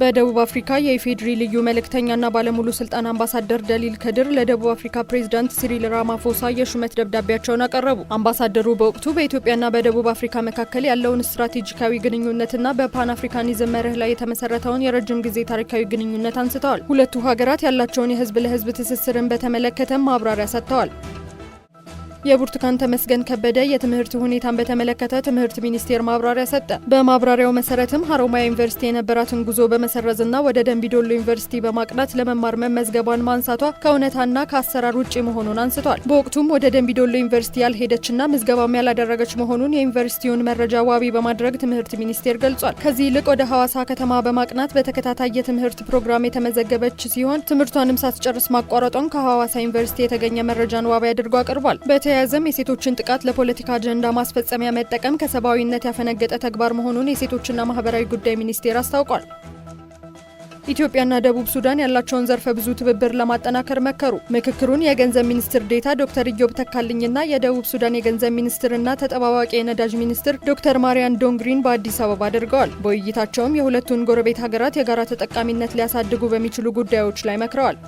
በደቡብ አፍሪካ የኢፌዴሪ ልዩ መልእክተኛና ባለሙሉ ስልጣን አምባሳደር ደሊል ከድር ለደቡብ አፍሪካ ፕሬዝዳንት ሲሪል ራማፎሳ የሹመት ደብዳቤያቸውን አቀረቡ። አምባሳደሩ በወቅቱ በኢትዮጵያና በደቡብ አፍሪካ መካከል ያለውን ስትራቴጂካዊ ግንኙነትና በፓን አፍሪካኒዝም መርህ ላይ የተመሰረተውን የረጅም ጊዜ ታሪካዊ ግንኙነት አንስተዋል። ሁለቱ ሀገራት ያላቸውን የህዝብ ለህዝብ ትስስርን በተመለከተም ማብራሪያ ሰጥተዋል። የብርቱካን ተመስገን ከበደ የትምህርት ሁኔታን በተመለከተ ትምህርት ሚኒስቴር ማብራሪያ ሰጠ። በማብራሪያው መሰረትም ሀሮማያ ዩኒቨርሲቲ የነበራትን ጉዞ በመሰረዝና ወደ ደንቢዶሎ ዩኒቨርሲቲ በማቅናት ለመማር መመዝገቧን ማንሳቷ ከእውነታና ከአሰራር ውጭ መሆኑን አንስቷል። በወቅቱም ወደ ደንቢዶሎ ዩኒቨርሲቲ ያልሄደችና ምዝገባም ያላደረገች መሆኑን የዩኒቨርሲቲውን መረጃ ዋቢ በማድረግ ትምህርት ሚኒስቴር ገልጿል። ከዚህ ይልቅ ወደ ሐዋሳ ከተማ በማቅናት በተከታታይ የትምህርት ፕሮግራም የተመዘገበች ሲሆን ትምህርቷንም ሳትጨርስ ማቋረጧን ከሐዋሳ ዩኒቨርሲቲ የተገኘ መረጃን ዋቢ አድርጎ አቅርቧል። በተያያዘም የሴቶችን ጥቃት ለፖለቲካ አጀንዳ ማስፈጸሚያ መጠቀም ከሰብአዊነት ያፈነገጠ ተግባር መሆኑን የሴቶችና ማህበራዊ ጉዳይ ሚኒስቴር አስታውቋል። ኢትዮጵያና ደቡብ ሱዳን ያላቸውን ዘርፈ ብዙ ትብብር ለማጠናከር መከሩ። ምክክሩን የገንዘብ ሚኒስትር ዴታ ዶክተር ኢዮብ ተካልኝና የደቡብ ሱዳን የገንዘብ ሚኒስትርና ተጠባባቂ የነዳጅ ሚኒስትር ዶክተር ማርያን ዶንግሪን በአዲስ አበባ አድርገዋል። በውይይታቸውም የሁለቱን ጎረቤት ሀገራት የጋራ ተጠቃሚነት ሊያሳድጉ በሚችሉ ጉዳዮች ላይ መክረዋል።